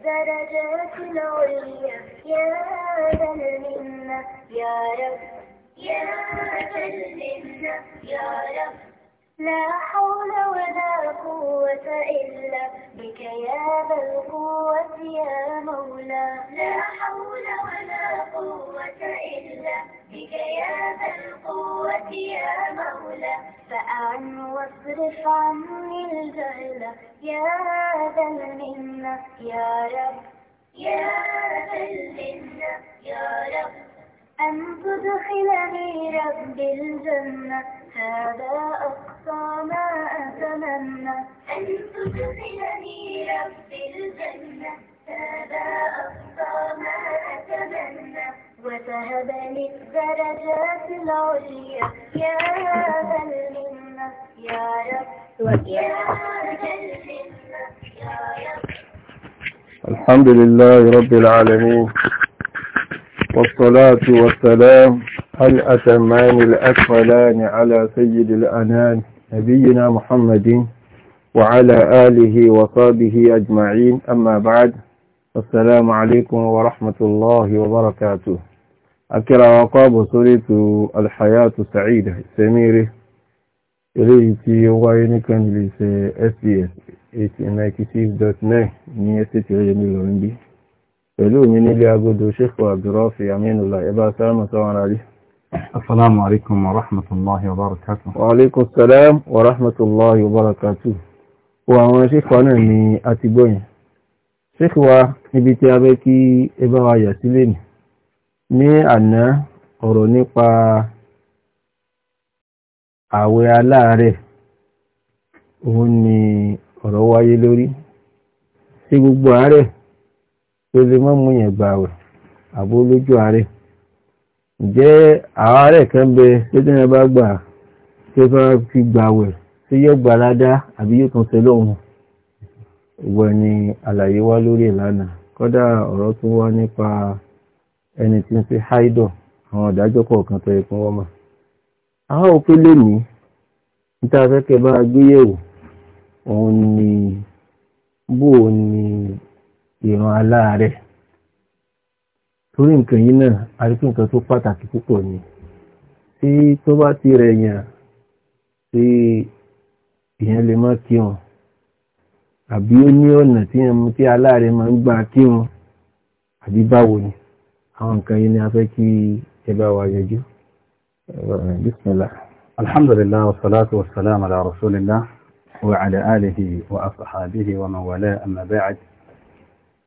الدرجات العليا يا ذا المنة يا رب يا ذا المنة يا رب لا حول ولا قوة إلا بك يا ذا القوة يا مولا لا حول ولا قوة إلا بك يا ذا القوة يا مولا فأعن واصرف عني الجهل يا ذا المنة يا رب يا ذا المنة يا رب أن تدخلني رب الجنة هذا أقوى أقصى ما أتمنى أن تدخلني رب الجنة هذا أقصى ما أتمنى وتهبني الدرجات العليا يا ذا المنة يا رب يا ذا المنة يا رب الحمد لله رب العالمين والصلاة والسلام الأتمان الأكملان على سيد الأنان نبينا محمد وعلى آله وصحبه أجمعين أما بعد السلام عليكم ورحمة الله وبركاته أكرا وقاب سورة الحياة السعيدة سميرة إليتي وينك لس SBS 1896.9 ní ẹsẹ̀ tí ó yẹ nílò ń bí pẹ̀lú mi nílé agodo Sheikh Abdurrafi Aminullah ẹbá sáàmù sáwọn rárí السلام عليكم ورحمة الله وبركاته وعليكم السلام ورحمة الله وبركاته وعلى شيخ وانا من أتبوين شيخ níbi tí a fẹ́ kí ẹ bá wa yà sílẹ̀ nì ní àná ọ̀rọ̀ nípa àwẹ̀ aláàárẹ̀ òun ni ọ̀rọ̀ wáyé lórí sí gbogbo àárẹ̀ tó lè mọ́ mú yẹn gbà àwẹ̀ àbó lójú àárẹ̀ jẹ́ àárẹ̀ kan bẹ tẹ́jọ́ yẹn bá gbà tí ó fi gbà wẹ̀ tí yóò gbà ládá àbí yóò tún ṣe lóhun ìwọ ni àlàyé wá lórí ìlànà kódà ọ̀rọ̀ tó wá nípa ẹni tí ń fi háìdọ̀ àwọn ìdájọ́ kọ̀ọ̀kan tó yẹ kí wọ́n mọ̀ àwọn òpin lè ní níta afẹ́kẹ́ bá gbéyẹ̀wò òun ni bóò ni ìran aláàárẹ̀ torí nǹkan yìí náà àríkí nǹkan tó pàtàkì púpọ̀ ni tí tó bá ti rẹ̀ yàn tí èèyàn lè má kí wọn àbí ó ní ọ̀nà tí ẹmu tí aláàrẹ máa ń gbà kí wọn àbí báwo ni àwọn nǹkan yìí ni a fẹ́ kí ẹ bá wa yanjú. bismillah wa salatu wa salam ala rasulillah wa ala alihi wa ashabihi wa man wala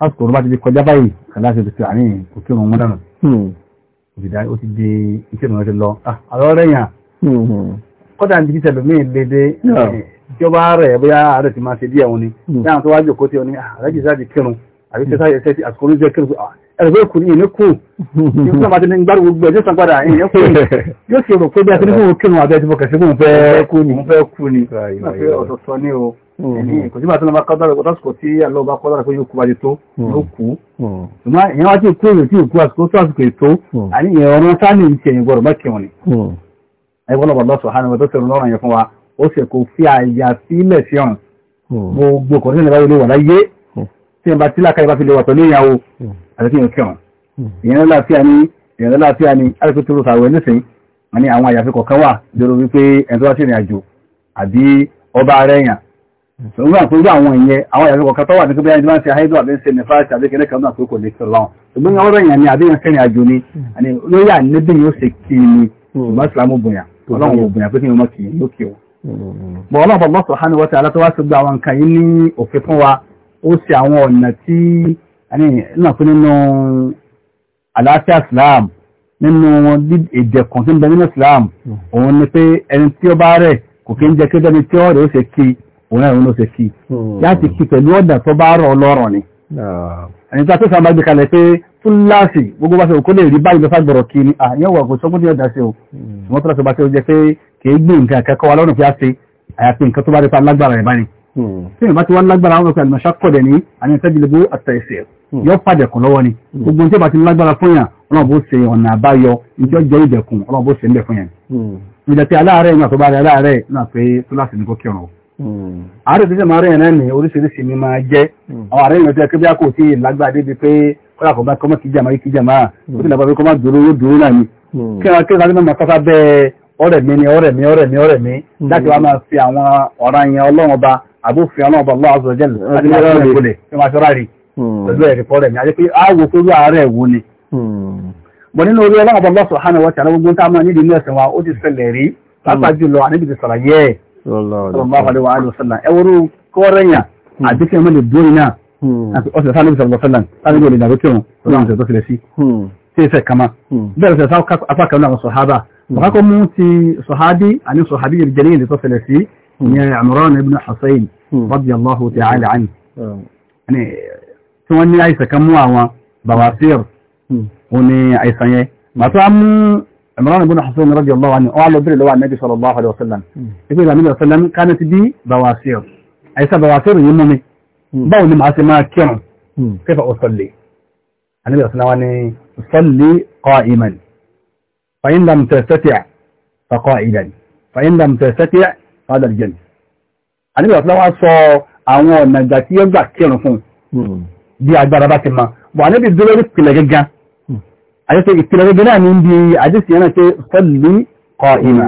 lásìkò tó bá ti di kọjá báyìí kàláṣẹ tó ti àárín kò kí òun wọn dànù òdìdá hmm. ó ti di iṣẹ́ ìrìnà ti lọ ah, àwọn ọ̀rẹ́ yàn hmm. kọ́dà ní títí ẹlòmíì léde ìjọba eh, rẹ̀ bóyá ààrẹ ti máa ṣe díẹ̀ wọn ni dáhùn hmm. tó wá jòkó tí ó ní ah, àrẹ́jì sáà ti kírun àbí tẹ́sà ẹsẹ̀ ti àsìkò oníṣẹ́ kírun ah, ẹ̀rọ pé kùnrin ìní kù ní fún àmàtí ní gbárùgbò gbẹ̀ ní sànpadà ìyẹn kù yóò ṣe rò pé bí a ti ní fún kírun àbẹ́ ti mọ̀ kẹ̀sí fún fẹ́ kú ni Mm-hmm. kò sígbà tí wọ́n bá kọ́dọ̀rọ̀ kò tásìkò tí àlọ́ bá kọ́dọ̀rọ̀ pé yóò kú bájú tó ló mm. kú mm. ṣùgbọ́n ìyẹn wá tí ò kú èrè tí ò kú àsìkò tó àsìkò ètò mm. àní ìyẹn ọ̀rọ̀ sáàlì ń ṣe ìgbọ̀rọ̀ mẹ́kẹ̀wọ̀n ni ẹgbọ́nọ̀bọ̀ lọ́sọ̀ hánà tó ṣẹlẹ̀ lọ́rọ̀ yẹn fún wa ó sì kò fi àyà sílẹ̀ sí ọ̀n gbogbo kò nílẹ̀ báyìí lè wà láyé tí ẹ bá tí lákàyè bá fi lè wà pẹ̀lú ni ìyẹn láàfíà ni àbí ọba arẹ́yàn òun náà pẹ̀lú àwọn ìyẹn àwọn ìyàwó kọ̀ọ̀kan tó wà ní gbẹ́yìn máa ń ṣe àìdọ́ àbí ṣe nífàṣà àbí kẹ́lẹ́ kan náà pé kò lè sọ lọ́wọ́ ṣùgbọ́n àwọn ọ̀rọ̀ yẹn ni àbí yẹn kẹ́rin àjò ni lórí àníbí yóò ṣe kí ni ṣùgbọ́n ìsìlámù bùnyà ọlọ́run bùnyà pé kí ni wọ́n kì í lókè o. bọ̀ ọlọ́run bọ̀bọ̀ sọ hánú wọ́tí alátọ́wá ti gba àwọn nǹkan yìí ní òfin fún wa ó ṣe àwọn Islam nínú ìjẹ̀kùn tí ń bẹ Islam òun ni pé ẹni tí ó bá rẹ̀ kò òun náà ló ṣe kí láti hmm. kí pẹ̀lú ọ̀dà tó bá rọ̀ lọ́rọ̀ ni ẹni tí a tó sábà gbé kalẹ̀ pé fúláàsì gbogbo bá ṣe òkú lè rí báyìí lọ́fà gbọ̀rọ̀ kí ni àyẹ̀wò àgbò sọ́kún ní ọ̀dà ṣe o wọ́n tọ́lá tó bá ṣe ó jẹ́ pé kì í gbé nǹkan akẹ́kọ̀ọ́ wa lọ́rùn fi á ṣe àyàfi nǹkan tó bá rí pa lágbára ẹ̀ báyìí hmm. tí ìbá ti wá ní àní ìtẹ́jìlẹ́gbó hmm. ni gbogbo tí ìbá ti tó bá rẹ̀ aláàárẹ̀ náà pé tó láti ní kó kí ọ̀rọ̀ àárẹ̀ tí sẹ̀mọ́ àárẹ̀ náà ní oríṣiríṣi ni máa jẹ́ hmm. àwọn àárẹ̀ ìrìnàjò ẹ̀kẹ́ bí a kò sí lágbàá débi pé kọ́lá kọ́ bá kọ́ mọ́ kí jàmáà kí jàmáà hmm. sì lábàá pé kọ́ má dúró yóò dúró náà ni hmm. kí wọn kí máa kọ́sá bẹ́ẹ̀ ọ̀rẹ́ mi ni ọ̀rẹ́ mi ọ̀rẹ́ mi ọ̀rẹ́ mi láti wá máa fi àwọn ọ̀ràn yẹn ọlọ́run ọba àbófin ọlọ́run ọba a sallallahu alaihi wa sallam ẹwúrú kọ́rẹ́yà hmm. àdíkẹ́ mẹ́lẹ̀ dóyìnà hmm. ọ̀sẹ̀ sáà níbi sallallahu sallam sáà níbi olùdàgbé tí wọn ní àwọn ìṣẹ̀tọ́ sílẹ̀ sí hmm. tí ìṣẹ̀ kama bẹ́ẹ̀ sẹ̀ sáà apá kan náà sọ̀hábà bàkọ́ mú ti sọ̀hábì àní sọ̀hábì yìí jẹ́rìí ìṣẹ̀tọ́ sílẹ̀ sí ìyẹn Imran ibn Husayn radiyallahu ta'ala anhu tí wọ́n ní àìsàn kan mú àwọn bawasir òní àìsàn yẹn màtó á mú عمران بن حصين رضي الله عنه وعلى بر اللي النبي صلى الله عليه وسلم يقول النبي صلى الله عليه وسلم كانت بي بواسير أي بواسير يمني بول مع ما كيف أصلي النبي صلى الله عليه وسلم صلي قائما فإن لم تستطع فقائلا فإن لم تستطع فهذا الجن النبي صلى الله عليه وسلم àwọn ọ̀nà ìgbà نجاتي fún bí agbára bá كيرو فون دي kirun wà níbi dúró àjẹ́sẹ̀ ìpìlẹ̀gẹ́gẹ́ náà ní bí àjẹ́sẹ̀ yẹn náà ṣe sọ́lù kọ ìmà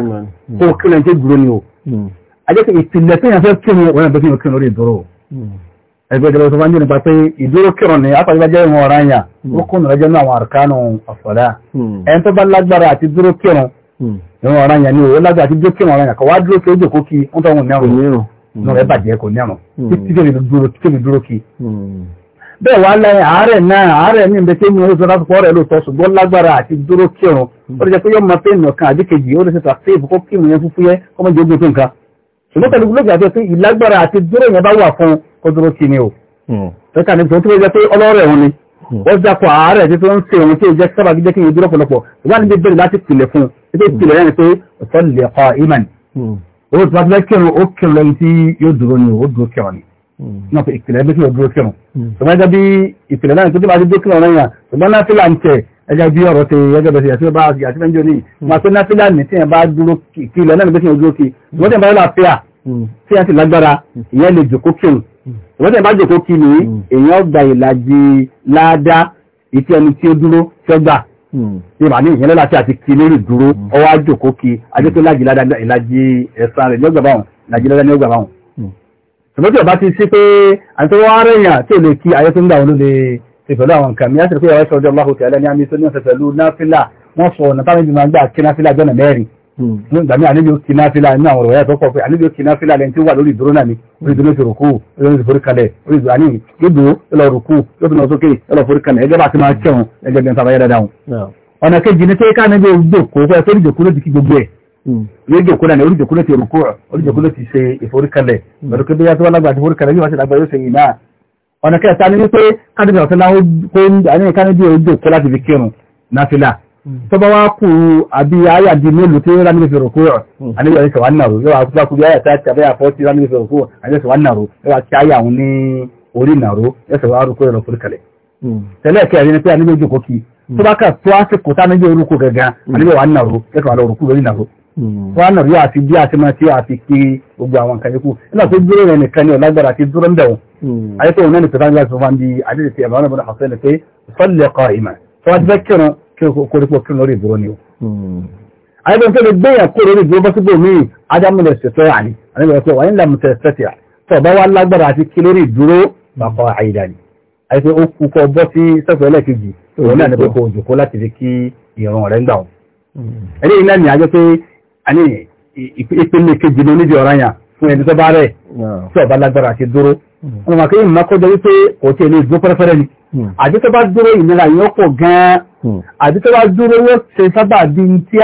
tó kílẹ̀ ṣe dúró ní o hmm. àjẹ́sẹ̀ ìpìlẹ̀ tó yàn fẹ́ kírun wọn bẹ́ẹ̀ kírun kírun lórí ìdúró hmm. ẹgbẹ́ ìjọba tó bá ń jẹ́ nípa pé ìdúró kírun ní apàgbẹ́jẹ́ ìwọ̀n ọ̀rá yà wọ́n hmm. kún ọ̀rẹ́jẹ́ náà àwọn àrùkánù ọ̀sọ̀dá ẹni tó bá lágbára àti dúró kírun ìwọ̀n ọ̀rá yà ni ó kí ní ọ̀rùn náà ẹ bẹ́ẹ̀ wá lẹ́yìn àárẹ̀ náà àárẹ̀ ní ìbẹ̀tẹ́ ní oṣù lásìkò rẹ̀ lóòótọ́ ṣùgbọ́n lágbára àti dúró kírun ó lè jẹ́ pé yóò máa pé nìkan àbí kejì ó lè ṣe tàfíìfù kó kírun yẹn fúnfún yẹn kó mọ̀jẹ̀ ogun tó nǹkan ṣùgbọ́n pẹ̀lú gbọ́dọ̀ àti pé ìlágbára àti dúró yẹn bá wà fún kó dúró kí ni o. ṣèkà hmm. ni tó jẹ́ pé ọlọ́rẹ̀ òun ni wọ́n hmm. dàpọ̀ àárẹ̀ tí wọ́n ń ṣe òun tí ó jẹ́ sábà jẹ́ kí n dúró pọ̀lọpọ̀ ìwà níbi bẹ̀rẹ̀ láti pìlẹ̀ fún un pé pìlẹ̀ yẹn ni pé ọ̀sán lè kọ́ ìmọ̀ ni. Hmm. owó tí wọ́n ti fẹ́ kírun ó kírun lẹ́yìn tí yóò dúró ni ó dúró kírun ni náà fi ìpìlẹ̀ bí kí o dúró kírun ṣùgbọ́n hmm. ẹjọ́ bí ìpìlẹ̀ náà tó tí bá ti dúró kírun lẹ́yìn ṣùgbọ́n náfìlà ń tẹ̀ ẹjọ́ bí ọ̀rọ̀ ti ẹjọ́ bẹ̀rẹ̀ àti bá àti fẹ́ńjọ́ ní hmm. ma pé náfìlà ní tí ẹ bá dúró kílẹ̀ náà ní pé kí o dúró kí ṣùgbọ́n hmm. tí ẹ bá yọ láàfíà tí ẹ sì lágbára ìyẹn lè jòkó kírun ṣùgbọ́n tí ẹ bá jòkó kí ni èèyàn gba ìlàjì láàdá ìtí ẹni tí ó dúró ṣọ́gbà ìbà ní ìyẹn lọ́la tí a ti kí lórí dúró ọwọ́ àjòkó kí ajé tó lájì láàdá ìlàjì ẹ̀sán rẹ̀ ní ọgbà báwọn ìlàjì láàdá ní ọgbà báwọn ṣùgbọ́n tí ọba ti sí pé àtọwọ́ arẹ́yìn tí ò lè kí ayé tó ń gbà wọn ló lè ṣe pẹ̀lú àwọn nǹkan mi á sì rí pé ìyàwó ìṣọ́jọ́ ọlọ́hùn tí ẹlẹ́ni àmì tó ọ̀sẹ̀ pẹ̀lú náfìlà wọ́n sọ ọ̀nà táwọn hmm. ni orí ìdúró ti rùkú orí ìdúró kalẹ̀ orí ìdúró àní ìdúró ẹlọ rùkú yóò fi lọ sókè ẹlọ forí kalẹ̀ ẹgbẹ́ bá ti máa kẹrùn ẹgbẹ́ bí n sábà yára dáhùn. ọ̀nà kejì yóò jòkó náà ní olùjòkó ló ti rúkú olùjòkó ló ti ṣe ìforíkalẹ̀ pẹ̀lú pé bóyá tó wà lágbàá ti foríkalẹ̀ yóò wá sí lágbàá yóò ṣe yìí náà ọ̀nà kẹta ni wípé káàdì ọ̀sán náà kó àníyàn kánídì olùjòkó láti fi kírun náfìlà tó bá wá kú àbí àyà di mélòó tí ó rá níbi fèrè kúrò àníyàn ìṣẹ̀wà nàró yóò wá kú bá kú bí àyà tá àti àbẹ́yà fọ́ ti rá níbi fèrè kúrò àníyàn ìṣẹ̀wà nàró yóò wá kí àyà òun ní orí nàró ẹsẹ̀ wá rúkú ẹ̀rọ foríkalẹ̀ tẹ́lẹ̀ kẹrin ni pé àníyàn ìjòkó kí tó bá tó àsìkò tá Hmm. wọn àná rí àfi bí àti máa ti àfi kiri gbogbo àwọn nǹkan yòókù nígbà tó dúró rẹ nìkan ní ọlágbára àti dúró ń bẹ̀wò hmm. ayé tó wọn náà nìkan láti fọwọ́n bí àdéhùn ti ẹ̀bà wọn náà fọ́sẹ́ ni pé sọ́lẹ̀ kọ ìmọ̀ tó wá ti fẹ́ kírun kí o kórè pọ̀ kírun lórí ìdúró ni o. Hmm. ayé tó ń tẹ́lẹ̀ gbé yẹn kórè lórí ìdúró bọ́ síbò míì ádámùlẹ̀ ṣètò àní àníbẹ̀rẹ̀ pé wọ́n ń àní ìpele kejì ló níbi ọ̀ranyà fún ẹni tó bá rẹ̀ tí ọba lágbára àti dúró wọn hmm. mọ̀ pé ìmọ̀ kọjọ wípé kò tí ẹni ìdúró pẹ́rẹ́pẹ́rẹ́ ni àti tó bá dúró ìnira yẹn pọ̀ gan-an àti tó bá dúró wọ́n ṣe sábà bí tí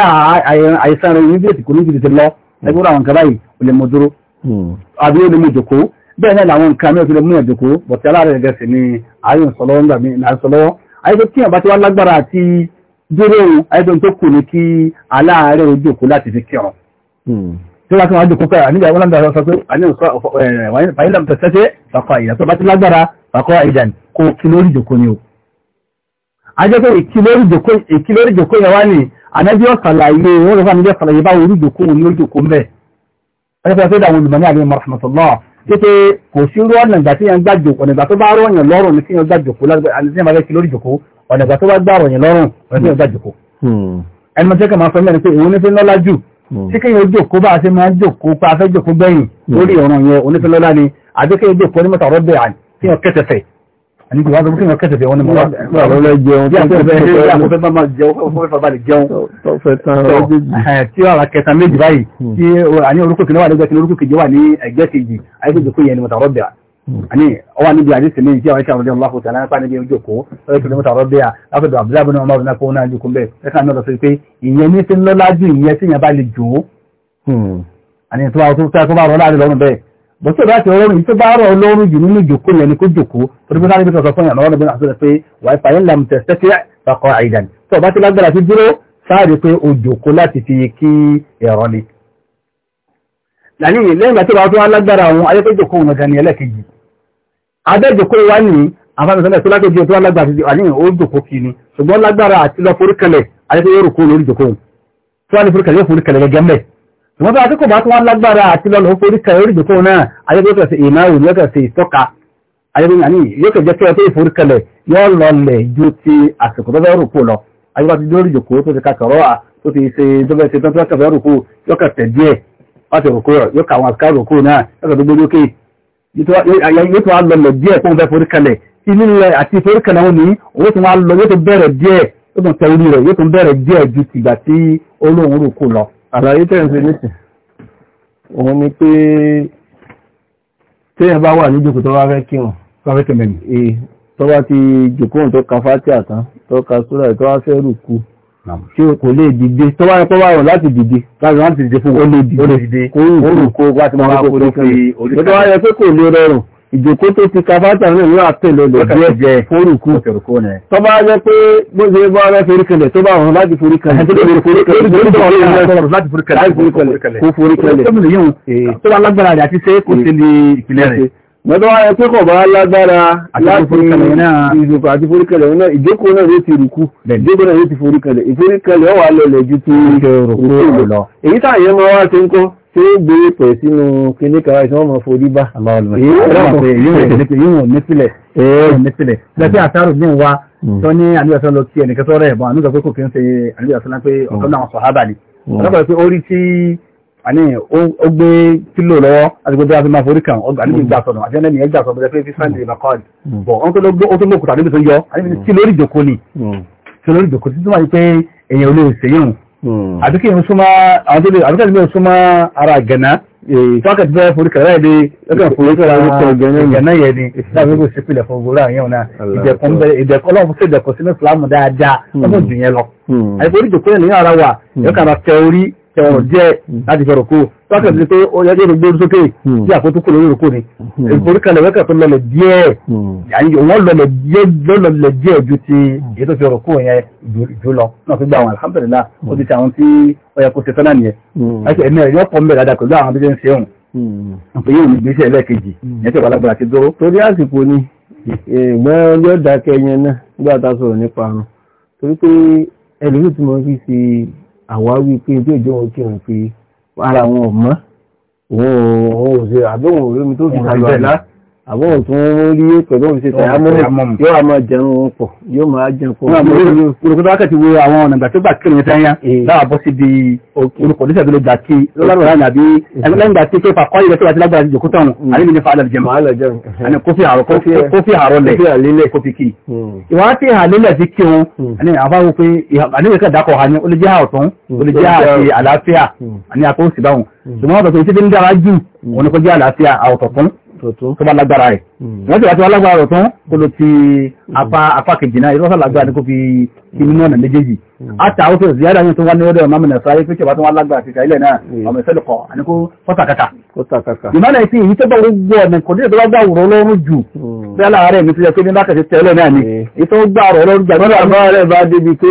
àìsàn rẹ̀ yìí bèèrè kò ní jìbìtì lọ ẹgbẹ́ àwọn nǹkan báyìí ò lè mú dúró hmm. àbí ó lè mú jòkó bẹ́ẹ̀ náà làwọn nǹkan mẹ́rin tó lè mú yàn jòkó bọ̀tí aláàrẹ̀ gẹ̀ẹ́sì ni àárín sọlọ́wọ́ nígbà mí dúró ẹgbẹ́ tó kù ní kí aláàárẹ̀ ojókòó láti fi kírun hmm. tí wọ́n ti wọ́n jókòó pẹ̀lú nígbà wọ́n lágbára sọ pé wáyé làmùtọ̀ sẹ́sẹ́ fàkọ àyè tó bá ti lágbára fàkọ àyèdàn kó kí lórí jókòó ni o. a jẹ́ pé èkí lórí jókòó yẹn wá ní ànábí ọ̀sàlàyé wọ́n lọ fún àṣàlàyé bá orí jókòó ní orí jókòó mbẹ́. wọ́n ti fẹ́ dáwọn olùmọ̀ ní àlẹ́ mọ̀rọ̀mọ̀sọ̀lọ́ ọ̀nà ìgbà tó bá gbà ròyìn lọ́rùn ọ̀nà ìgbà jòkó ẹnu tí kàn máa fẹ́ mẹ́rin pé òun nífẹ́ lọ́lá jù tí hmm. kéèyàn jòkó bá a ṣe máa jòkó pa afẹ́ jòkó gbẹ̀yìn hmm. lórí ọ̀ràn yẹn onífẹ́ lọ́lá ni àbí kéèyàn jòkó ní mọ́ta ọ̀rọ̀ bẹ̀ àní kéèyàn kẹsẹ̀fẹ̀ àní kò wá sọ kéèyàn kẹsẹ̀fẹ̀ wọn ni mo wá lọ́lẹ́ jẹun tí ara kẹta méjì báyìí hmm. tí àní orúkọ kìnnìwà ní ẹgbẹ́ kejì àyíkó jòkó yẹn ni mọ́ta ọ̀rọ̀ bẹ̀ àní ani ọwọ́ níbi àdísì méjì tí àwọn ìṣẹ́ àwọn ọlọ́hùn tààlà nípa níbi ojú òkú ọ̀rẹ́ tó lọ́mọ́ta ọ̀rọ̀ bẹ́ẹ̀ látọ̀dọ̀ abdullahi bin umar náà fún náà jùkú bẹ́ẹ̀ ẹ̀ka náà lọ sí pé ìyẹn ní ti ń lọ́lá ju ìyẹn tí ìyẹn bá le jò ó hmm. àní tó bá tó bá rọ láàrin lọ́rùn bẹ́ẹ̀ bó tó bá ti rọrùn yìí tó bá rọ lọ́rùn jù nínú ìjòkó yẹn ni kó jòkó torí bíi sárébi sọ̀tọ̀ fún yàn lọ́rùn bíi àtúntò pé wà á fàyẹ̀ làm tẹ̀sẹ̀ àìdàn tó bá ti lágbára ti dúró sáàrí pé o jòkó láti fi kí ẹ̀rọ ni. làní lẹ́yìn ìgbà tí wàá tó wá lágbára àwọn ayẹ́pẹ́jòkó òun gan ni ẹlẹ́kejì adẹ́jòkó wá ní àfàmìsọ́lẹ̀ tó lágbèjì tó lágbà àti àníyàn ó dòkó kí ni ṣùgbọ́n lágbára àti lọ forúkẹlẹ̀ adẹ́jọ́ yóò kó lórí dòkó tó wá ní forúkẹlẹ̀ yóò forúkẹlẹ̀ gẹ́gẹ́ mẹ́ ṣùgbọ́n tó akẹ́kọ̀ọ́ bá tó wá lágbára àti lọ forúkẹlẹ̀ lórí dòkó náà adẹ́jọ́ yóò kẹsẹ̀ ìmáwò yóò kẹsẹ̀ ìtọ́ka adẹ́jọ́ yàní yóò kẹjẹ́ kẹ́ tó ìforúkẹlẹ̀ yóò lọlẹ̀ ju ti àsìkò tó fẹ́ rò kó lọ adẹ́jọ́ ti lórí dòkó tó ti kakọ̀rọ̀ à tó ti ṣe tó fẹ́ ṣe tó fẹ́ rò kó yóò kẹsẹ̀ díẹ̀ wọ́n ti rò kó yóò kà àwọn àkàrò kó náà yóò kẹsẹ̀ gbogbo yóò tún wá lọlẹ̀ díẹ̀ fún fẹ́ foríkalẹ̀ inú rẹ̀ àti foríkalẹ̀ wọn ni owó tún wá lọ yóò tún bẹ̀rẹ̀ díẹ̀ yóò tún tẹ orí rẹ̀ yóò tún bẹ̀rẹ̀ díẹ̀ ju òun ni pé téèyàn bá wà ní jòkó tó bá fẹ́ kírun tó fẹ́ kẹmẹ́ni. Eh, tó bá ti jòkó tó ka fátíà tán tó ka sóra tó wá fẹ́ rùkú tí o kò lè dìde tó bá rẹpọ́ wà rọ̀ láti dìde láti dìde fún wọn ó lè dìde kó olùkó láti máa kó tó fi oríkà tó bá rẹ pé kò lè rọrùn ìjòkó tó ti kafáta náà yóò àtẹ̀lẹ̀ lọ díẹ̀ jẹ fórùkú tó bá rẹ pé gbóṣe bá rẹ forí kalẹ̀ tó bá rọrùn láti forí tó bá forí tó bá lágbára rẹ̀ àti ṣe kó ṣe ní ìpínlẹ̀ rẹ̀ mọ́tọ́ wáyé pé kọ̀ bá lágbára láti ìzùkú àti foríkẹlẹ̀ náà ìjókòó náà yóò ti rùkú ìjókòó náà yóò ti foríkẹlẹ̀ ìforíkẹlẹ̀ ọwà lọlẹ̀ ju ti rùkú lọ èyí táyẹ̀ máa wá ṣe ń kọ́ tí ó gbé pẹ̀ sínú kíní kàwá ìṣọ́ mọ̀ forí bá. yíwọ̀n nípìlẹ̀ yíwọ̀n nípìlẹ̀ lẹ́tí àtàrò ní wa tó ní hmm. àníbàṣọ́ lọ kí ẹnìkan tó rẹ̀ bọ̀ àníbàṣọ́ pé kò kí ń ṣe àníbàṣọ́ lápé ọ̀kan náà sọ̀hábà ni. ọ̀kan hmm. náà pé ó rí tí àní ó gbé kílò lọ́wọ́ àti gbogbo àti máa forí kan ọgbà níbi ìgbà sọ̀nà àti ẹni ẹni ẹgbà sọ̀nà pé fífẹ́ ní ìbàkọ́ọ̀lì bọ̀ wọ́n tó ló tó lókùtà níbi tó yọ àníbi tí lórí ìjòkó ni tí lórí ìjòkó títí wáyé pé èèyàn olè ṣèyàn àti kí èèyàn súnmọ́ àwọn tó lè àbúkẹ́ ìlú súnmọ́ ara gẹ̀nà tọ́kẹ̀tì bẹ́ẹ̀ forí kan láì dé lọ́kàn ni láti kó sí pilẹ̀ fún ẹ̀rọ díẹ̀ hmm. láti fẹ̀rọ̀ kó wákàtí ní pé ó yẹ kí gbóòrú sókè hmm. tí àkótó kò lórí òkú ni hmm. ìforí kan lẹ́wẹ́kà tó lọlẹ̀ díẹ̀ wọ́n lọlẹ̀ díẹ̀ ju ti èyí tó fi ọ̀rọ̀ kó yẹn jù lọ náà fi gba àwọn alhamdulillah ó ti ti àwọn tí ó yẹ kó ṣe tọ́nà nìyẹn láti ẹ̀mí ẹ̀rí ọ̀pọ̀ mẹ́rin dáadáa pẹ̀lú àwọn abẹ́jẹ́ ń ṣe òun àpò yóò ní gbèsè ni ìgbọ́n yóò dákẹ́ yẹn náà nígbà tá a àwa wí pé bí ìjọ wọn kí wọn pé ara wọn ò mọ́ òun ò ṣe àbí òun ò rí omi tó fi tàlù àlá àbọ̀n tó ń rí pẹ̀lú òun ṣe tàyámọ́mù yóò àmọ́ jẹun pọ̀ yóò máa jẹun pọ̀. olùkọ́ tó wákàtí wo àwọn ọ̀nà ìgbà tó gbà kí lóyún sẹ́yìn eh. láwà bọ́ sí bí olùkọ́ tó ṣàbílẹ̀ gbà kí lọ́lọ́rọ̀ láàyè àbí eh. lẹ́yìn gbà tí tó fà kọ́ ìrẹsì àti lágbára ìjòkó tán hmm. àní mi ní fa alẹ́ jẹun àní kófí àrọ̀ kófí àrọ̀ lẹ̀ kófí kì hmm. ìwà tí àlélẹ̀ fi kí òun hmm. àní àbáwo pé àlélẹ̀ kan dákọ̀ ha ni ó lè jẹ́ tó bá lágbára rẹ̀ wọ́n hmm. ti wá tí wọ́n lágbára rẹ̀ tán kó ló ti apá hmm. apá kejì náà ìrọ́sà lágbára ni kó fi kí nínú ọ̀nà méjèèjì àtà hmm. àwọn fèrè ziyara yẹn tó wá ní ọdọ ọmọ mìíràn sáré pé kẹwàá tó wá lágbára ti kàílẹ̀ náà ọmọ ìfẹ́ lọ́kọ̀ àní kó kọ́tà kàkà ìmọ̀lẹ̀ ìpín èyí tó bá gbogbo ọ̀nà kò ní ìdọ́gba gbà lọ́rùn jù bí aláàárẹ̀ mi ti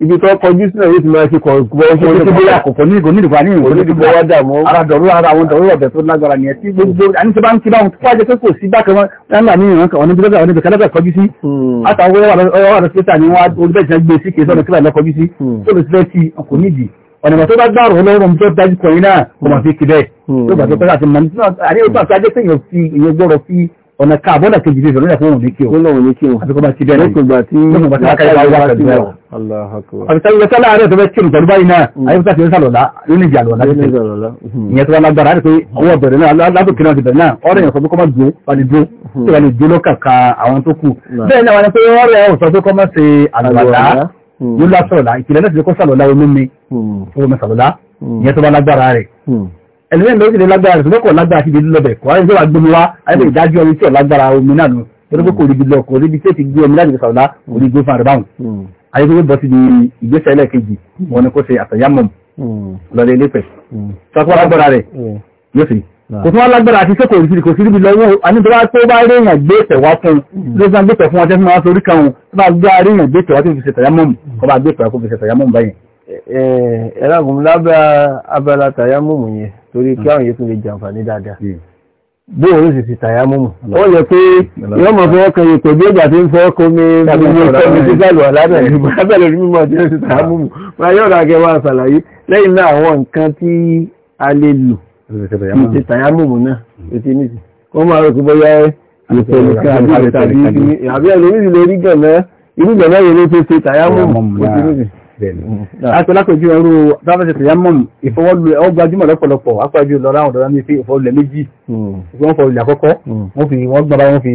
ibi tó kọjú sínú yóò ti máa ṣe kọ̀ọ̀kọ̀ ní ìgò nídìbò ní ìwò nídìbò wá dààmú ara dọ̀rú ara àwọn dọ̀rú ọ̀bẹ̀ tó lágbára nìyẹn tí gbogbo àní tí bá ń kí báwọn tó wájẹ pé kò sí bákan wọn lánàá ní ìrànkà wọn níbi lọ́gbà wọn níbi kálábà kọjú sí hmm. àtàwọn ọwọ́ hmm. rẹ̀ ọ̀nà ká àbọ́dà kejì bí ìrọ̀lẹ́ fún òun ní kí o lọ́wọ́ ní kí o àfikọ́ bá ti bẹ́ẹ̀ lọ́kùn gbà tí lọ́kùn bá ti káyọ̀ wá pẹ̀lú ẹ̀rọ àbísáyé wọ́n sálà rẹ̀ tó bẹ́ẹ̀ kírun pẹ̀lú báyìí náà mm. ayébúta ti ń sàlọ̀lá lónìí ìjà lọ́lá títí ìyẹn tó wá lágbára rẹ̀ pé ọwọ́ bẹ̀rẹ̀ náà látò kí náà ti bẹ̀rẹ̀ náà ọ̀rẹ́ yẹn sọ pé kọ́ máa dúró wà ní dúró tí wà ní dúró kàkà àwọn tó kù bẹ́ẹ̀ náà wà ní pé ọ̀rẹ́ ẹ̀ sọ pé ẹ̀lẹ́yìn lórí ti lè lágbára rẹ̀ lọ́kọ̀ lágbára ti lè lọ́bẹ̀ kọ́ ayé ìjọba gbé mi wá ayé ìdájọ́ omi tí ò lágbára omi náà nù torí pé kò rí ibi lọ kò rí ibi tí ó ti gbé omi láti sàwọ́lá kò rí igbó fún ayé hmm. tó bọ́ sí di ìgbésẹ̀ ẹlẹ́ẹ̀kejì hmm. wọn ni kò ṣe àtàyàmọ̀ hmm. lọ́lẹ̀ ilépẹ̀ sọ́kọ́ lágbára rẹ̀ yóò sì kò tún wá lágbára àti sẹ́kọ̀ọ́ ìrìsì kò sí ríbi lọ́wọ́ anígbàrá tó bá rí èèyàn gbé ìtẹ̀wá fún un ló sá gbé ìtẹ̀ fún ọjọ́ fún wọn sórí kan òun tó bá gbé rí èèyàn gbé ìtẹ̀wá tó fi ṣe tàyámọ́mù kọ́ bá gbé ìtẹ̀wá tó fi ṣe tàyámọ́mù báyìí. Eh, eh, ẹ̀ẹ́dàgùn lábẹ́ abala tàyámọ́mù yẹn torí kí àwọn yòókù lè jàǹfààní dáadáa bó òun sì ti tàyà múmù ó yẹ pé yóò mọ̀ fún ọkàn yìí pẹ̀lú ìgbà tí ń fọ́ ọkọ mi gbogbo ọkọ̀mí tí sàlù alábẹ̀rẹ̀ lábẹ̀rẹ̀ ní mímọ̀ tí ó ti tàyà múmù máa yóò rà kẹwàá àṣàlàyé lẹ́yìn náà àwọn nǹkan tí a lè lò ti tàyà múmù náà ètí nìsí wọ́n máa rò pé bóyá ìpẹ̀lú kan àbí ẹ̀lómi lè rí gànmẹ́ irú gànmẹ́ yẹn ló ṣe tàyà múmù ètí nìsí àtọ́lápẹ̀jú mm. ẹrú dáfẹ́sẹ̀ tìyàmọ̀ ìfọwọ́lẹ̀ ọ gbajúmọ̀ lọ́pọ̀lọpọ̀ apájú lọ́ra àwọn ọ̀dọ́rán ní fi ìfọwọ́lẹ̀ méjì mm. wọ́n fọ ilẹ̀ àkọ́kọ́ mm. wọ́n fi wọ́n gbọ́ra wọ́n fi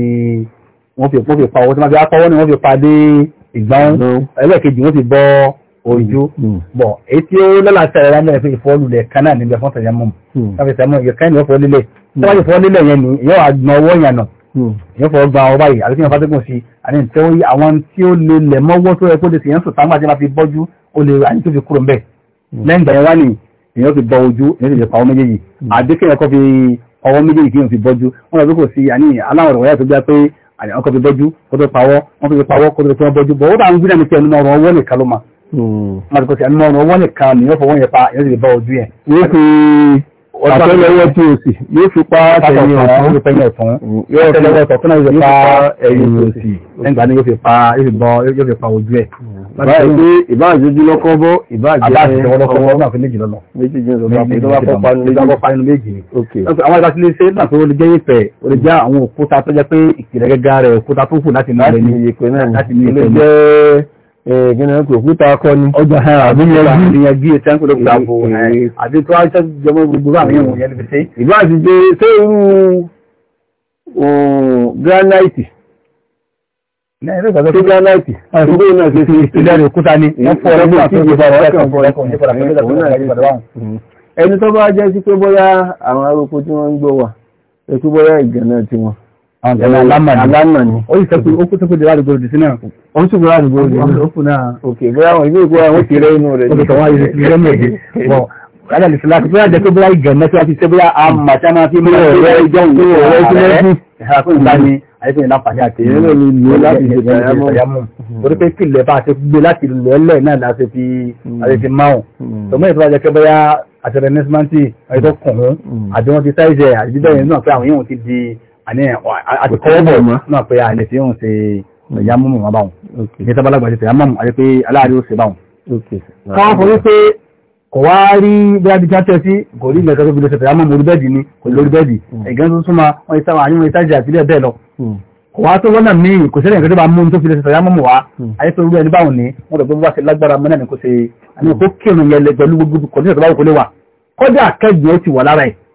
wọ́n fi wọ́n fi pa owó tí wọ́n fi apọ́wọ́ ni wọ́n fi padé ìgbọ́n ẹlẹ́ẹ̀kejì wọ́n fi bọ́ ojú bọ̀ èyí tí ó lọ́làṣà ẹ̀rọ náà fi ìfọwọ́lẹ̀ kan náà níbi fún tìyàmọ̀ ìyẹ́fọ́ hmm. gba ọba yìí àti kí wọ́n fàtẹ́gùn sí àti tí ó yí àwọn tí ó lè lẹ̀ mọ́wọ́ tó yẹ kó lè sèyàn sùn táwọn àti máa fi bọ́jú ó lè àyè tó fi kúrò ń bẹ̀ hmm. lẹ́yìn ìgbà yẹn wá ní èèyàn fi bọ ojú èèyàn fi pa ọwọ́ méjèèjì hmm. àbí kí ẹ̀kọ́ fi ọwọ́ méjèèjì kí wọ́n fi bọ́jú wọ́n lọ bí kò sí àní aláwọ̀ rẹ̀ wáyà tó gbá pé ọkọ̀ fi bọ́jú kó tó pawọ́ wọ́n fi pawọ́ kó tó bọ́jú bọ́ ó dà ń gbé dàní pé ẹnu ọrùn ọwọ́ nìkan ló ma. wọ́n ti kọ́ sí ẹnu ọrùn ọwọ́ nìkan nìyẹn fọwọ́ yẹn pa ẹ̀yẹ́ sì lè bọ́ ojú yẹn àtẹ́lẹwọ́ tí o sì yóò fi pa tẹ̀yìn ọ̀tún yóò fi pa ẹ̀yìn òsì nígbà ní yóò fi pa ojú ẹ̀. báyìí ìbáàjújú lọ́kọ́ bọ́ ìbáàjẹ́ ọlọ́kọ́ bọ́ náà fi méjì lọ́nà méjì jẹ́ àwọn ìbáṣílẹ̀ iṣẹ́ náà tó lè jẹ́ ìpẹ́ o lè jẹ́ àwọn òkúta tó jẹ́ pé ìkìlẹ̀ gẹ́gẹ́ rẹ̀ òkúta tó kù láti ní ilẹ̀ ní ìpẹ́ náà láti ní ilẹ̀ gẹ́nà kò fúta akọ́ ní ọjọ́ àbíyànjú ẹ̀tẹ́kùn ló pàbò àti tó áṣẹ́ jọmọ gbogbo àwọn èèyàn yẹn lè fẹ́ ìbá àti jẹ́ tó irú granite tó granite àtúgbò náà ṣe ṣe ìdẹ́rẹ̀ òkúta ní ẹni tó bá jẹ́ sí pé bóyá àwọn aróko tí wọ́n ń gbọ́ wà pé bóyá ìgànnà tiwọn àwọn ìjọba alámà ni ó sì sọ pé ó kú sọ́kùn ìjọba àdúgbò òdìsí náà ó sì gbọ́dọ̀ àdúgbò òdìsí ó kù náà. òkè bóyá àwọn ìwé ìgbó àwọn ti rẹ inú rẹ ní. òkè wọn yóò ti rẹ inú rẹ bọ rárá lè fúnra bóyá jẹ pé bóyá ìgànnà tí wọn ti ṣe bóyá àmà tí a máa fi mú ọ̀rẹ́ ìjọ ìjọ ọ̀rẹ́ ìjọ ọ̀rẹ́ ìjọ ọ̀rẹ́ àyẹ̀fẹ̀ ìlànfààní àti ìrìnlẹ̀ ní ìlú láti ìṣẹ̀lẹ̀ ìṣẹ̀yàmù orí pé kìlẹ̀ bá ti gbé láti lẹ́lẹ̀ náà láti fi àti fi máwùn tòmọ́ ìtura jẹ́ kẹ́ bóyá àtẹ̀rẹ̀ nẹ́sìmántì ẹ̀dọ́kùnrin àti wọ́n ti sáìzẹ̀ àti bíbẹ̀ yẹn náà pé àwọn yóò ti di àtìkọ́wọ́bọ̀ mọ́ náà pé àìlẹ̀ tí ó ń ṣe ìyámọ́mù wọn báwọn ní sábàlágbà ṣe ìyámọ́mù àti pé aláàrí ó ṣe báwọn káwọn fọ́ wípé kò wá rí bíábí jáde sí kò rí ilẹ̀ tó fi lè ṣe ìyámọ́mù orí bẹ́ẹ̀dì ni kò lórí bẹ́ẹ̀dì ẹ̀gẹ́ tó súnmọ́ wọn ìsáwà àyíwọ̀n ìsájì àti bẹ́ẹ̀ lọ kò wá tó wọ́nà míì kò sílẹ̀ nǹkan tó bá mú tó fi lè ṣe ìyámọ́mù wá ayé tó rú ẹni báwọn ni wọ́n rẹ̀ pé wọ́n ṣe lágbára mọ́ náà ni kò ṣe àní hmm. kó kírun yẹn pẹ̀lú gbogbo kò ní ìṣẹ̀tọ́ báwọn kò lè wà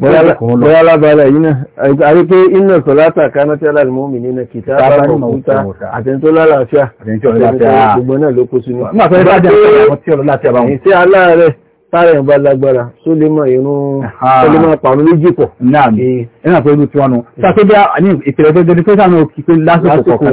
bọ́yá lábára yìí náà a rí pé iná sọ̀látà kaná tí aláàlùmọ́mì ní na kìtà bá ní òkúta àtẹ́ntó lálàáfíà àtẹ́ntó lálàáfíà gbogbo náà ló kó sínú tára ẹ̀ bá lágbára tó lè máa irun tó lè máa pàrọ̀ méjì pọ̀. náà ẹ̀rọ àpò ìlú tiwọn nù. sàtó bí ní ìpìlẹ̀ tó dẹni pé sànù kíkẹ́ lásìkò kọ̀ọ̀kan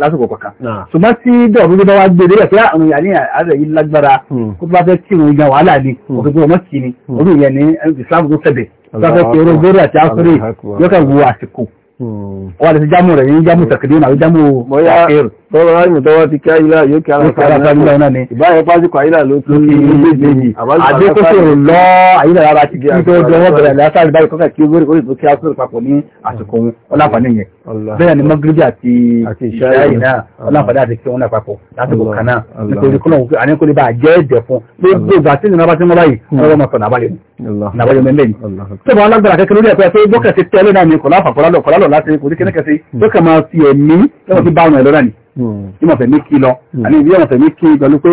lásìkò kọ̀ọ̀kan. ṣùgbọ́n tí dọ̀rọ̀ bí bá wá gbé délẹ̀ pé ah, àwọn ìyá ní àárẹ̀ yìí lágbára hmm. kó bá fẹ́ kírun igan wàhálà ni òkùnkùn ọmọ kì ni hmm. orí ìyẹn ní Islam tó sẹ̀bẹ̀ bá fẹ́ kí orun bẹ́rẹ̀ àti áfírí yóò kà wo àsìkò. Hmm. wọ́n tọ́rọ àrùn tó wá ti kí àyílá yóò kí ara fàájúlá náà ni ìbáyẹ̀ pásíkò àyílá ló tún kí méjèèjì àdékòtò lọ àyílá ara ti kí tó jọ wọ́n bẹ̀rẹ̀ lásàrí báyìí kọ́kà kí owó ìkórè tó kí asúrò papọ̀ ní àsìkò wọn ọláfààní yẹn bẹ́ẹ̀ ni mọ́gíríbì àti ìṣáyì náà ọláfààní àti kí wọn náà papọ̀ lásìkò kan náà nítorí kọ́nà òkú àníkó lè bá jẹ́ ẹ̀jẹ̀ fún gbogbo ìgbà tí ìnáwó bá ti mọ́ báyìí ọlọ́wọ́ mọ̀ sọ̀nà abáyọ̀ nàbáyọ̀ mẹ́lẹ̀ yìí tó bá alágbára kẹ́kẹ́ lórí ẹ̀kọ́ ẹ̀ pé bọ́kẹ̀ ti tẹ́lẹ̀ náà ni kọ̀láfà kọ̀lálọ̀ kọ̀lálọ̀ láti orí kẹ́kẹ́ sí bọ́kẹ̀ hmm. máa fi ẹ̀mí lọ́wọ́ fi bá ọ̀nà ẹ̀lọ́rà ni ní wọ́n fẹ̀mí kí lọ hmm. àní ìdí wọ́n fẹ̀mí kí pẹ̀lú pé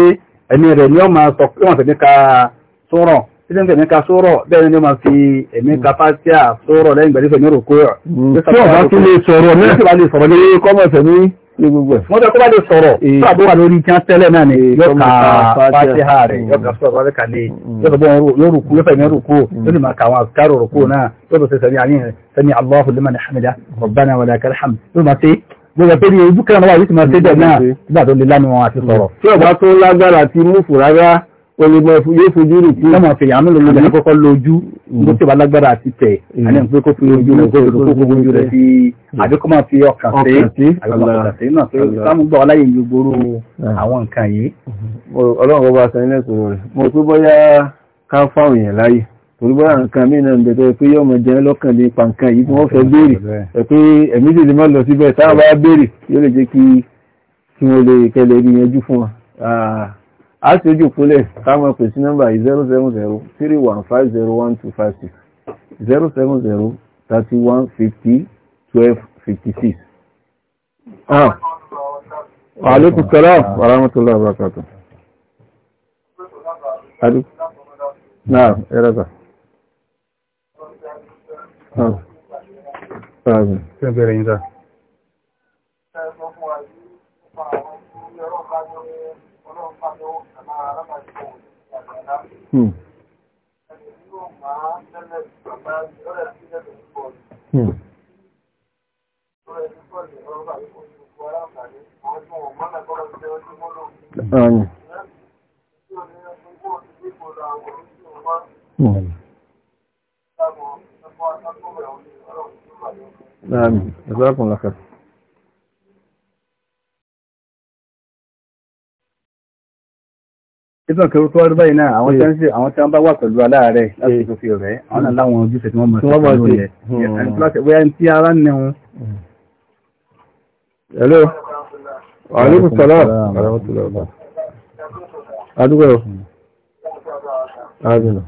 ẹ̀mí rẹ̀ ni wọ́n máa sọ pé wọ́n fẹ̀mí ka sọ̀rọ̀ títí wọ́n fẹ̀mí ka sọ̀rọ̀ bẹ́ẹ̀ ni wọ́n máa fi ẹ̀mí ka fásíà sọ̀rọ̀ lẹ́yìn gbẹ̀dẹ́fẹ̀ ní òrùkú rẹ̀. tí wọ́n hmm. bá tún lè sọ̀rọ̀ ní ẹ̀sìn bá lè sọ̀rọ̀ ní kọ́mọ̀ fẹ̀mí ní gbogbo ẹ̀. wọ́n tẹ́ kó bá lè sọ̀rọ̀ eh. tó àbúrò lórí kí wọ́n tẹ́lẹ̀ náà ni eh, yóò ka fásíà rẹ̀ yóò ka hmm. sọ̀rọ̀ rẹ̀ kàlẹ́ yóò yóò rùkú yóò fẹ̀mí rùkú yóò lè máa ka náà yóò bọ̀ sẹ́ni gbogbo pé ní ojú kẹrin wà wíṣìmọ̀ tẹ́jọ̀ náà nígbà tó lè lánà wọn àti sọ̀rọ̀. tí ọba tó lágbára ti múfù rárá olùgbọ́n yóò fojú rì tí ọmọ fèyà ń lò lójú kọ́kọ́ lójú tó tí ọba lágbára àti tẹ̀ mm. àní pé kó fi ojú rẹ̀ kó fi ojú rẹ̀ sí mm. àdékọ́ máa fi ọkàn sí àgbàlagbà sí náà tó sáàmù gbà ọláyè yìí gbòòrò mm. àwọn nǹkan yìí. ọlọ́run ọba sẹ́yìn lẹ́sọ̀rọ̀ rẹ̀ mo tó bọ́yá ká fáwọn èèyàn láyè orúgbọ́ra nǹkan mìíràn ń bẹ̀tẹ̀ pé yọ́mọ̀ jẹ́ lọ́kàn ní pàǹkan yìí tí wọ́n fẹ́ béèrè pé ẹ̀mí lè lè má lọ síbẹ̀ táwọn bá béèrè yóò lè jẹ́ kí wọ́n lè kẹlẹ̀ rí yanjú fún wa. a ti ojú ìpínlẹ̀ káwọn pèsè nọ́mbà zero seven zero three one five zero one two five six zero seven zero thirty one fifty twelve fifty six. aleykum salaam wa rahmatullahi wa barakatuh. Na'am, ya raza. Hmm. Àmín. Hmm. Àmín. Jazakumullah khair. Ìtàn kẹrù tó ọdún báyìí náà, àwọn tí wọ́n bá wà pẹ̀lú aláàrẹ̀ láti tó eh. fi rẹ̀, àwọn náà láwọn ojúṣe tí wọ́n mọ̀ sí ọdún rẹ̀. Wẹ́n hmm.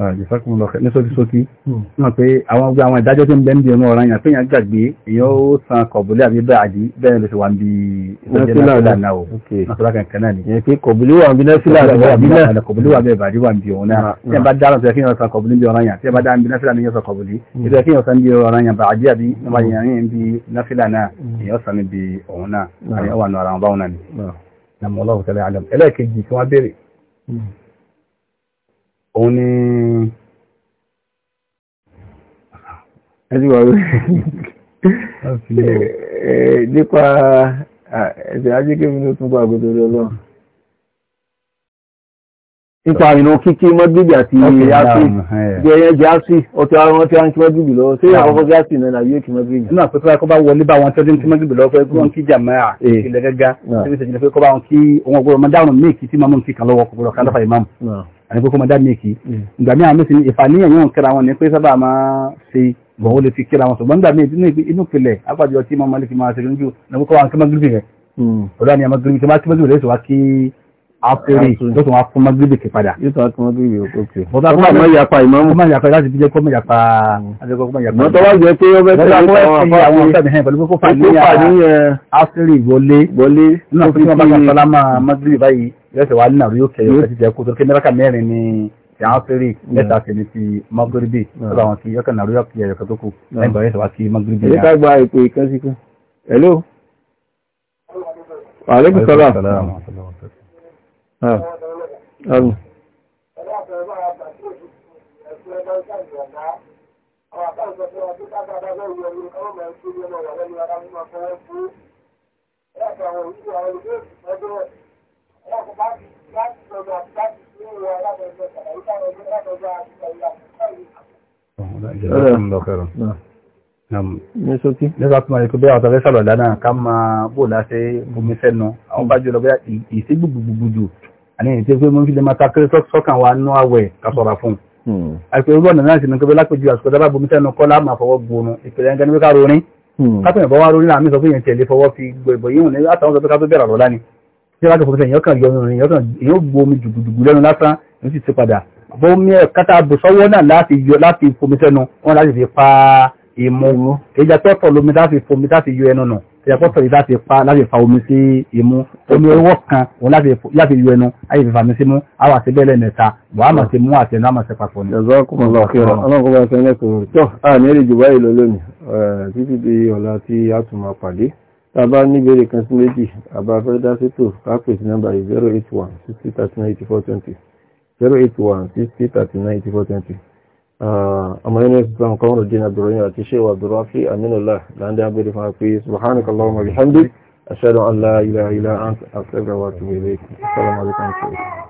ìfẹ́kùn ah, lọ́kẹ́ ní sókísókí hmm. náà pé àwọn gbogbo àwọn ìdájọ́ tí ń bẹ ń bí ẹnu ọ̀ràn yàn pé yàn gbàgbé èyàn ó san kọ̀bùlé àbí bẹ́ẹ̀ àdí bẹ́ẹ̀ ló ti wà ń bí ìdájọ́ náà náà o náà kankan náà ni. ìyẹn pé kọ̀bùlé wà ń bí násìlà àbí náà kọ̀bùlé wà ń bí ìbàdí wà ń bí òun náà ah, ah. tí ẹ bá dára sọ kí yàn san kọ̀bùlé bí hmm. ọ̀ràn hmm. yàn tí ẹ bá dára bí násìlà ni yàn òun ni ẹjú wà lórí nípa ẹ̀sẹ̀ ajíkébí ló tún gbàgbé lórí ọlọ́run nípa ìrìnà kíkí mọ́gbìbì àti yásì jẹyẹn jásì ọtí ara wọn tí a ń kí mọ́gbìbì lọ sí àkọ́kọ́ jásì náà náà yóò kí mọ́gbìbì. nínú àpẹẹrẹ kọ́ bá wọlé bá wọn tọ́jú kí mọ́gbìbì lọ fẹ́ wọ́n kí jàmáà eh. ilẹ̀ gẹ́gá tí wọ́n ṣe bá wọn kí àti kókó mọ́dá méèkì mm. ìgbà mí àmì sí ní ìfàníyàn yóò kíra wọn ní pé sábà máa ṣe bọ̀ ó lè fi kíra wọn ṣùgbọ́n nígbà mí inú ìpìlẹ̀ apájọ tí mọ́ mọ́lẹ́kì máa ṣe lójú lọ́wọ́ kọ́ wa rẹ̀ ọ̀dọ́ ni mọ́gírìbì rẹ̀ sọ wá kí àfẹ́rí ló tún wá fún magribi kì padà. yóò tún wá fún magribi òkè. bọ́tà kọ́ máa yapa ìmọ̀mù. kọ́ máa yapa láti fi jẹ́ kọ́ máa yapa. mọ́tọ́ wá jẹ́ pé ó fẹ́ tẹ̀lé àwọn afáàfẹ́. àwọn afẹ́mi hẹ́n pẹ̀lú kókó fàníyàn àfẹ́rí eh, wọlé. wọlé nínú àfẹ́rí wọn bá ka sálámà magribi báyìí yọ̀ọ̀sẹ̀ wà nínú àríyó kẹyọ kẹsì jẹ́ kó tó kí mẹ́ráka mẹ́rin ni ti àfẹ́rí mẹ́ta sì ni ti magribi lọ́dọ̀ àwọn kì yọ̀ọ̀kan náà àríyó kẹyọ kẹtó kù lẹ́yìn bá yọ̀ọ̀sẹ̀ wá sí magribi. èyí ká gba ìpè ìkẹ́síkú. hello. wa alaikum salaam. Nígbàtúnmọ̀ ìkú bí àwọn ọ̀tọ̀fẹ́ sọ̀rọ̀ lánàá ká máa bóòlá sí bomi fẹ́nu, àwọn bá jùlọ bí i ìṣẹ́gbùgbùgbùgbù jù àníyàn tí ó pé mo ń fi lè máa takiri sọ́kàn wa nú àwẹ̀ ká sọ̀rọ̀ fún un hmm. àìpé irú ọ̀nà náà sì ní pé lápèjú àsìkò dábà bomi sẹ́nu kọ́ láàmà fọwọ́ gbòòrùn ìpìlẹ̀ ẹ̀ńgẹ́ ní ká rorin kápẹ́ ìbọn wá rorin náà mi sọ pé èèyàn tẹ̀lé fọwọ́ fi gbogbo yíwọ̀n ní látàwọn sọ pé ká tó bẹ̀rẹ̀ lọ́la ni tí wọ́n á fọwọ́ sẹ́yìn yọkàn yọrùn rìn yọkàn èèyàn gbomi jùgùjùgù lẹ́nu lásán ti bomi kátà bùsọ́wọ́ náà láti yọ láti fomi sẹ́nu wọ́n láti fi pa ìmú ìyàpọ̀tọ̀ yìí láti pa láti fa omi sí imú omi ọwọ́ kan òun láti yọ ẹnu ayé fífa mi sí mú àwọn àti bẹ́ẹ̀ lẹ́nẹ̀ta wàhálà ti mú àti ẹnu àmọ̀ sí papọ̀ ni. ẹ̀zọ́ kò mọ̀ lọ kí ọ̀rọ̀ ọlọ́run kò bá ṣe ẹ̀lẹ́kọ̀ tó a ní èrè jùbá yìí lọ lónìí títí di ọ̀la tí a tún máa pàdé tá a bá ní ìbéèrè kan sí méjì àbá fẹ́ dá sétò kápẹ́ sí nọ́mbà yìí zero eight one sixty thirty nine eighty four twenty zero eight one sixty thirty nine eighty four twenty آه، أما هنا قوم الدين عبد الرحيم أتشي وعبد الرافي أمين الله لأن عبد الرحيم في سبحانك اللهم بحمدك أشهد أن لا إله إلا أنت أستغفرك وأتوب إليك السلام عليكم ورحمة الله